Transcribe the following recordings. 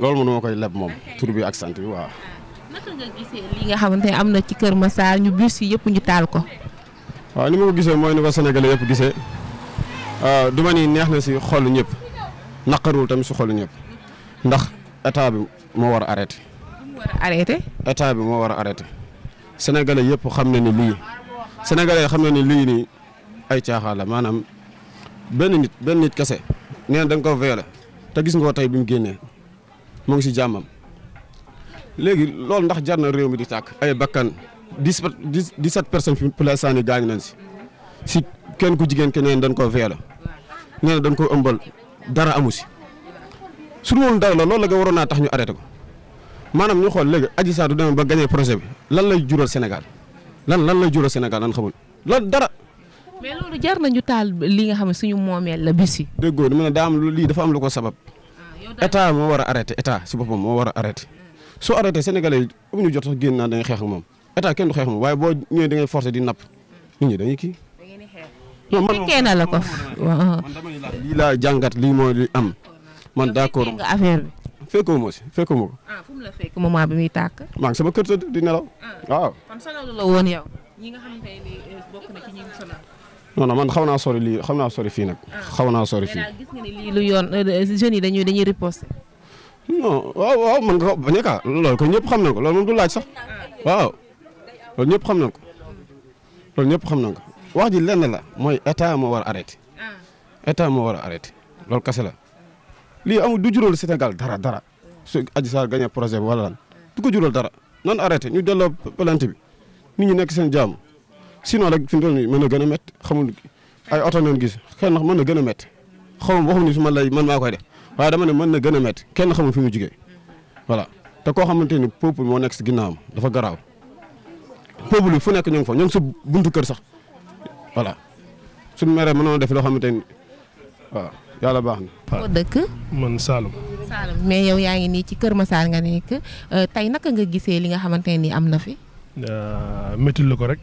loolu mënuma koy leb moom tur bi ak sant bi waaw. Ah, naka nga gisee li nga xamante ne am na ci Kër Massar ñu bus si yëpp ñu taal ko. waaw ni ma ko gisee mooy ni ko Sénégalais yëpp gisee ah, du ma ni neex na si xolu ñëpp naqarul tamit si xolu ñëpp ndax état bi moo war a arrêté. war a bi moo war a arrêté Sénégalais yëpp xam na ni lii Sénégalais xam na ni lii nii ay caaxaan la maanaam benn nit benn nit kese nee na ko veele te gis ngoo tey bi mu génnee. mu ngi si jàmmam léegi loolu ndax jar na réew mi di tàkk ay bakkan dix dix sept personnes fi plasaan yi gaañu nañ si si kenn ku jigéen ke neen dañ koo veela nee na dañ ko ëmbal dara amu si su moom dara la loolu la nga waroon naa tax ñu arrêté ko maanaam ñu xool léegi aji Sarr du demee ba gañee projet bi lan lay jural Sénégal lan lan lay jural Sénégal lan xamul lan dara. mais loolu jar nañu taal li nga xam ne suñu moomeel la bisi déggoo dama ne daa am lii dafa am lu ko sabab. état moo war a arrêté état si boppam moo war a arrêté soo arrêté sénégalais yi bu ñu jot sax génn naa da ngay xeex ak moom état kenn du xeex moom da ngay forcé di napp nit ñi dañuy kii. non man moom man la ko. man lii laa jàngat lii mooy li am. man d' accord nga affaire bi. fekkoo ma si ma ko. ah fu mu tàkk. maa ngi sama non man xaw naa sori lii xaw naa sori fii nag. Ah. xaw na sori fii. gis nga ni lii lu yoon euh, euh, jeunes yi waaw waaw man nga bañ a loolu ko ñëpp xam nañ ko loolu moom du laaj sax ah. waaw loolu ñëpp xam nañ ko loolu ñëpp xam nañ ko wax ji lenn la mooy état moo war a arrêté ah. état moo war a arrêté loolu kese la lii amul du jural Sénégal dara dara su Adji Sarr gagné projet wala lan du ko jural dara nan arrêté ñu delloo plainte bi nit ñi nekk seen jàmm. sinon rek fi mu toll mën na gën a métti xamul ay oto nañ gis kenn mën na gën a métti xamul waxuñu fi man lay man maa koy def waaye dama ne mën na gën a métti kenn xamul fi mu jugee voilà te koo xamante ni peuple moo nekk si ginnaawam dafa garaaw peuple bi fu nekk ñu ngi fa ñu ngi sa buntu kër sax voilà suñu meree mënoon loo xamante ni waaw yàlla baax na. ko dëkk man Saloum. Saloum mais yow yaa ngi nii ci Kër Massar nga nekk euh, tey naka nga gisee li nga xamante ne nii am na fi. Euh, métti la ko rek.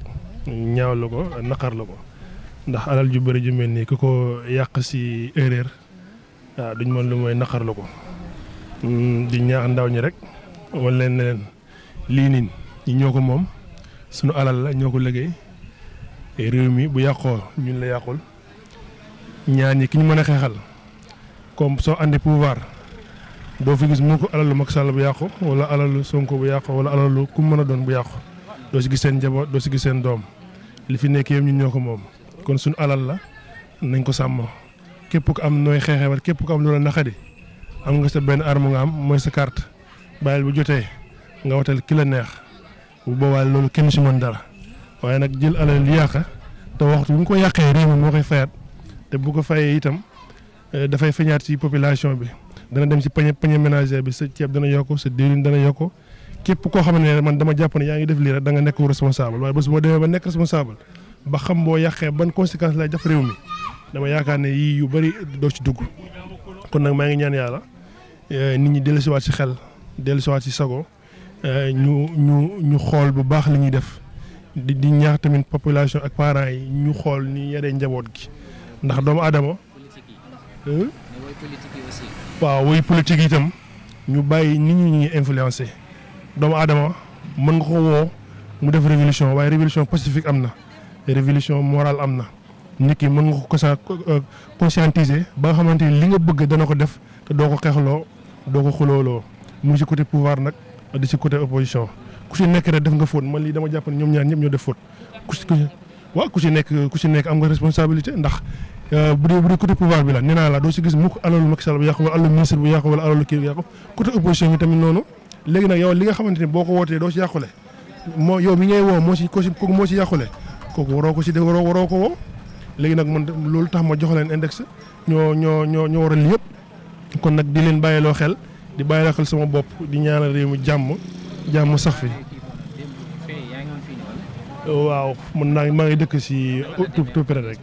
ñaaw la ko naqar la ko ndax alal ju bëri ju mel nii ku ko yàq si erreur waaw ah, duñ mën lu mooy naqar la ko mm, di ñaax ndaw ñi rek wala leen ne lii nii ñi ñoo ko moom sunu alal la ñoo ko liggéey eh, réew mi bu yàqoo ñun la yàqul ñaan yi ki ñu mën a xeexal comme soo andi pouvoir doo fi gis mu ko alalu Macky Sall bu yàqu wala alalu sunk bu yàqu wala alalu ku mën a doon bu yàqu doo si gis seen njaboot doo si gis seen doom li fi nekk yëpp ñun ñoo ko moom kon suñu alal la nañ ko sàmm képp ko am nooy xeexee wala képp ko am loola naqadi am nga sa benn armo nga am mooy sa carte bàyyil bu jotee nga watal kilo neex bu boobaa loolu kenn si mën dara waaye nag jël alal li yàq te waxtu bu ñu ko yàqee réew mi moo koy fayaat te bu ko fayee itam eh, dafay feñaat ci population bi dana dem ci pañe pañe ménager bi sa ceeb dana yokk sa diwlin dana yokk képp koo xam ne man dama jàpp ne yaa ngi def lii rek da nga nekk responsable waaye bés boo demee ba ba xam boo yàqee ban conséquence lay def réew mi dama yaakaar ne yii yu bëri doo ci dugg kon nag maa ngi ñaan yàlla eh, nit ñi dellusiwaat si xel dellusiwaat si sago eh, ñu ñu ñu xool bu baax li ñuy def di ñaax tamit population ak parents yi ñu xool ni yaree njaboot gi ndax doomu aadama. Hmm? waaw woy politique itam ñu bàyyi nit ñi ñuy influencer. doomu aadama mën nga ko woo mu def révolution waaye révolution pacifique am na révolution morale am na nit ki mën nga ko sa euh, conscientiser ba nga xamante ni li nga bëgg dana ko def te doo ko xeexloo doo ko xulooloo mu ngi si côté pouvoir nag di si côté opposition ku si nekk rek def nga faute man lii dama jàpp ne ñoom ñaar ñëpp ñoo def faute ku si ku si nekk si nekk am nga responsabilité ndax euh, bu dee bu dee côté pouvoir bi la nee naa la doo si gis mukk alalu Macky Sall léegi nag yow li nga xamante ni boo ko wootee doo si yàqule moo yow mi ngay woo moo si ko kooku moo si yàqule kooku waroo ko si waroo waroo ko woo léegi nag man loolu tax ma jox leen index ñoo ñoo ñoo a waral yëpp kon nag di leen bàyyiloo xel di bàyyiloo xel sama bopp di ñaana réew jàmm jàmm sax fi waaw man naa maa ngi dëkk si tout tout près rek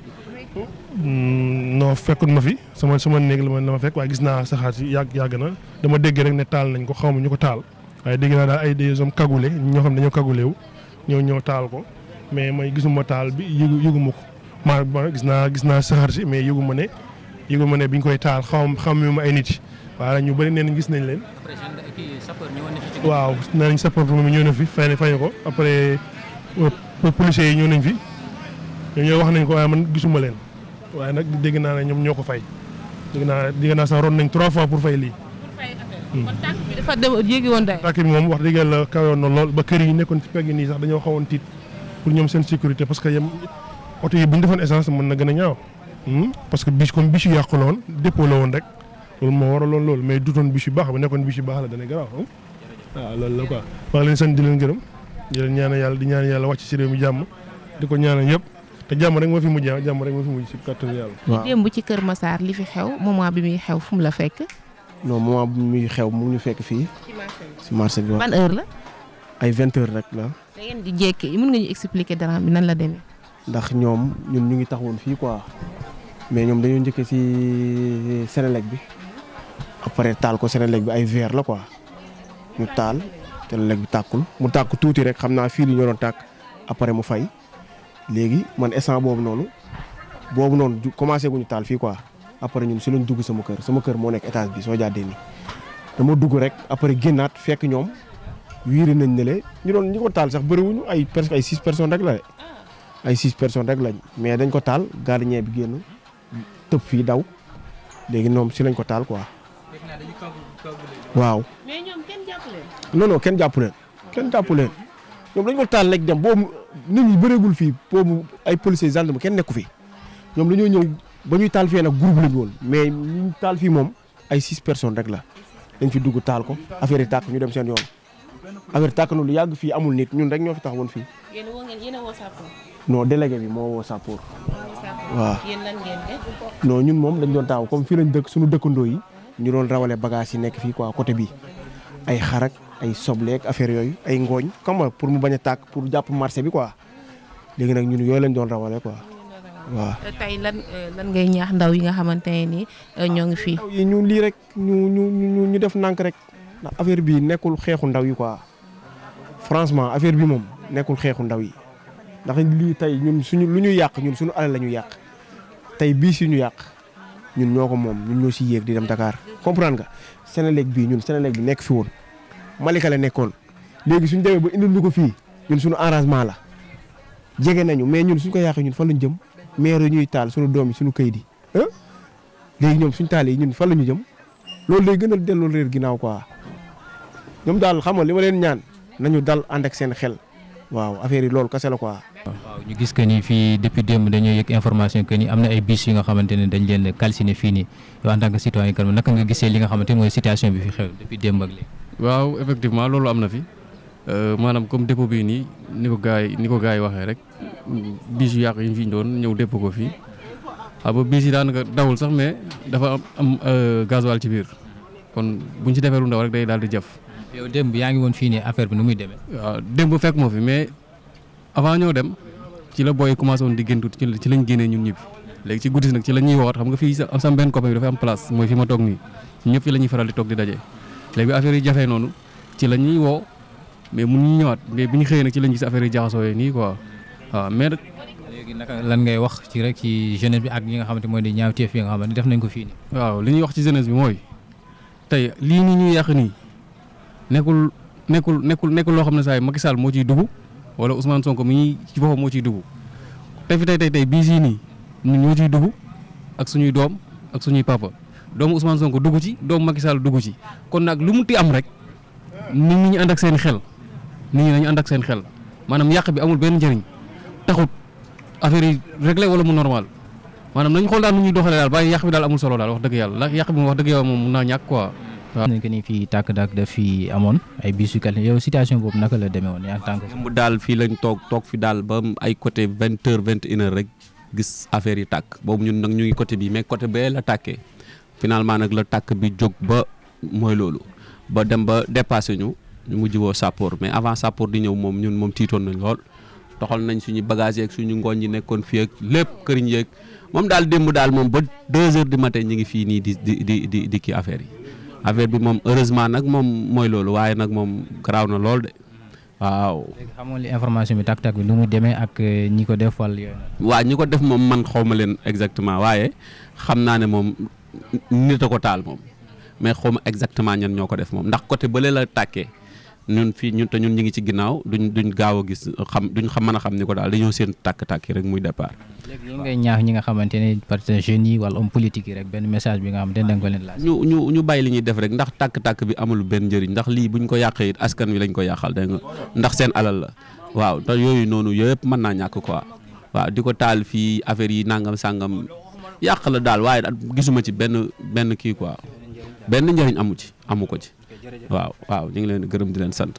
Mm, non fekkut ma fi sama sama néeg la ma la ma fekk waaye gis naa saxaar si yàgg yàgg na dama dégg rek ne taal nañ ko xaw ma ñu ko taal waaye dégg naa daal ay des hommes cagoulés ñoo xam ne dañoo cagoulé wu ñoo ñëw taal ko mais may gisuma taal bi yëgu yëguma ko maa gis naa gis naa saxaar si mais yëguma ne yëguma ne bi ñu koy taal xaw ma xamu ma ay nit yi ñu bëri neen gis nañ leen. waaw nee nañ sapeur bi ñëw fi fay fay ko après euh, policiers yi ñëw nañ fi ñoo wax nañ ko waaye man gisuma leen. waaye nag dégg naa ne ñoom ñoo ko fay dégg naa dégg naa sax ron nañ trois fois pour fay lii. Hmm. kon tànk bi dafa dem yéegi woon day. tànk moom wax dëgg yàlla kawoon na lool ba kër yi nekkoon ci pegg nii sax dañoo xawoon tiit pour ñoom seen sécurité parce que yem oto yi bu ñu defoon essence mën na gën a ñaaw. Hmm? parce que bii comme bis yu yàqu la woon la woon rek loolu moo waraloon loolu mais dutoon bis yu baax ba nekkoon bis yu baax la dana garaaw hmm? waaw loolu la quoi. maa leen sant di leen gërëm di leen ñaanal yàlla ñaan yàlla wàcc si réew mi jàmm ko ñaanal ñëpp te jàmm rek moo fi mujj ah jàmm rek moo fi mujj si kàttanu yàlla. waaw ci Kër Massar li fi xew moment bi muy xew fu mu la fekk. non moment bi muy xew mu ñu fekk fii. ci bi si marché la. ay vingt heures rek la. da ngeen di mën nga ñu expliquer bi nan la demee. ndax ñoom ñun ñu ngi taxawoon fii quoi mais ñoom dañoo njëkkee si Senelec bi après taal ko Senelec bi ay verre la quoi ñu taal Senelec bi tàkkul mu tàkk tuuti rek xam naa fii li ñu tàkk après mu fay. léegi man instant boobu noonu boobu noonu commencé ñu taal fii quoi après ñun si lañu dugg sama kër sama kër moo nekk étage bi soo jàddee nii dama dugg rek après génnaat fekk ñoom wiiri nañ ne le ñu doon ñi ko taal sax bëriwuñu ay presque ay six personnes rek la ay six personnes rek lañ mais dañ ko taal ñee bi génn tëb fii daw léegi ñoom si lañ ko taal quoi. waaw. mais kenn jàpp kenn jàpp ñoom dañ ko taal rek dem boobu nit ñi bëreegul fii boobu ay policiers gendarme kenn nekku fi ñoom dañoo ñëw ba ñuy taal fii nag groupe lañu woon mais taal fii moom ay six personnes rek la dañ fi dugg taal ko affaire yi tàkk ñu dem seen yoon affaire tàkk na lu yàgg fii amul nit ñun rek ñoo fi tax woon fii. yéen woo ngeen yéen waaw yéen ñun moom dañ doon taaw comme fii lañ dëkk suñu dëkkandoo yi ñu doon rawale bagage yi nekk fii quoi côté bii. ay xarak ay sobleek affaire yooyu ay ngooñ xam pour mu bañ a tàkk pour jàpp marché bi quoi léegi nag ñun yooyu lañ doon rawale quoi waaw. tey lan euh, lan ngay ñaax ndaw yi nga xamante ne nii euh, ñoo ngi fii. ñu lii rek ñu ñu ñu def nànk rek ndax affaire bi nekkul xeexu ndaw yi quoi franchement affaire bi moom nekkul xeexu ndaw yi ndax lii tey ñun suñu lu ñu yàq ñun suñu alal la ñu yàq tey bii si ñu yàq. ñun ñoo ko moom ñun ñoo si yéeg di dem Dakar comprendre nga Sénélec bii ñun Sénélec bi nekk fi woon Malika la nekkoon léegi suñ demee ba indil ñu ko fii ñun suñu arrangement la jege nañu mais ñun suñ ko yàqee ñun fan lañu jëm maire ñuy taal suñu doom yi suñu kayit yi léegi ñoom suñu taal ñun fan la ñu jëm loolu lay gën a delloo réer ginnaaw quoi ñoom daal xam nga li ma leen ñaan nañu dal ànd ak seen xel waaw affaire yi loolu kese la quoi. waaw ñu gis que ni fii depuis démb dañoo yëg information que ni am na ay bus yi nga xamante ne dañ leen calciné fii nii yow en tant que citoyen Keur Massar naka nga gisee li nga xamante mooy situation bi fi xew depuis démb waaw effectivement loolu am na fi euh, maanaam comme dépôt bii nii ni ko gars yi ni ko gars yi waxee rek bus yu yàqu yi ñu fi doon ñëw dépôt ko fii xam nga yi daanaka dawul sax mais dafa am am euh, gasoil ci biir kon buñ ci defee lu ndaw rek day daal di jëf. yow démb yaa ngi woon fii nii affaire bi nu muy demee. waaw démb fekk moo fi mais avant ñoo dem ci la booy commencé woon di génn tuuti ci lañ génnee ñun ñibbi léegi ci guddi nag ci la ñuy woowat xam nga fii sam benn copain bi dafay di toog di daje léegi affaire yi jafee noonu ci la ñuy woo mais mun mënuñu ñëwaat mais bi ñu xëyee nag ci lañ gis affaire yi jaxasoo yooyu nii quoi waaw mais léegi lan ngay wax ci rek ci jeunesse bi ak ñi nga xamante mooy di ñaaw teef yi nga xamante def nañ ko fii nii waaw li ñuy wax ci jeunesse bi mooy tey lii nii ñuy yàq nii nekkul nekkul nekkul nekkul loo xam ne saa yi Macky moo ciy dugg wala Ousmane Sonko mi ñuy ci boppam moo ciy dugg te fi tey tey tey bii sii nii ñun ñoo ciy dugg ak suñuy doom ak suñuy papa doomu Ousmane Sonko dugg ci doomu Macky dugg ci kon nag lu mu ti am rek nit ñi ñu ànd ak seen xel nit ñi nañu ànd ak seen xel maanaam yàq bi amul benn njëriñ taxut affaire yi réglé wala mu normal maanaam nañu xool daal nu ñuy doxalee daal bàyyi yàq bi daal amul solo daal wax dëgg yàlla ndax yàq bi moom wax mun naa ñàkk quoi. waaw nañ ko ni fii tàkk dàkk daf fii amoon ay bus yu yow situation boobu naka la demee woon yaa ngi tànk mu daal fii lañ toog toog fi daal ba ay côté vingt heures vingt et rek gis affaire yi tàkk boobu ñun nag ñu ngi côté bi mais côté bee la tàkkee finalement nag la tàkk bi jóg ba mooy loolu ba dem ba dépassé ñu ñu mujj woo sappoor mais avant sappoor di ñëw moom ñun moom tiitoon nañ lool toxal nañ suñu bagage yeeg suñu ngooñ yi nekkoon fi ak lépp këriñ yeeg moom daal démb daal moom ba deux heures du matin ñu ngi fii nii di di di di kii affaire yi affaire bi moom heureusement nag moom mooy loolu waaye nag moom garaaw na lool de waaw. léegi li information bi tak tak bi lu mu demee ak euh, ñi ko def wàll yooyu. waaw ñi ko def moom man xaw ma leen exactement waaye xam naa ne moom nit a ko taal moom mais xaw ma exactement ñan ñoo ko def moom ndax côté bële la tàkkee. ñun fii ñun te ñun ñu ngi ci ginnaaw duñ duñ gaaw a gis xam duñ xam mën a xam ni ko daal dañoo seen tàkk-tàkk yi rek muy départ. ñu ñaax ñi nga xamante ne parce que jeunes politique rek benn message bi nga xam ne dañ leen laaj. ñu ñu ñu bàyyi li ñuy def rek ndax tàkk-tàkk bi amul benn njëriñ ndax lii buñ ko yàqee askan wi lañ ko yàqal dégg nga ndax seen alal la waaw te yooyu noonu yëpp mën naa ñàkk quoi waaw di ko taal fii affaire yi nangam sàngam yàq la daal waaye gisuma ci benn benn kii quoi benn njëriñ amu ci amu ko ci waaw waaw ñu ngi leen di gërëm di leen sant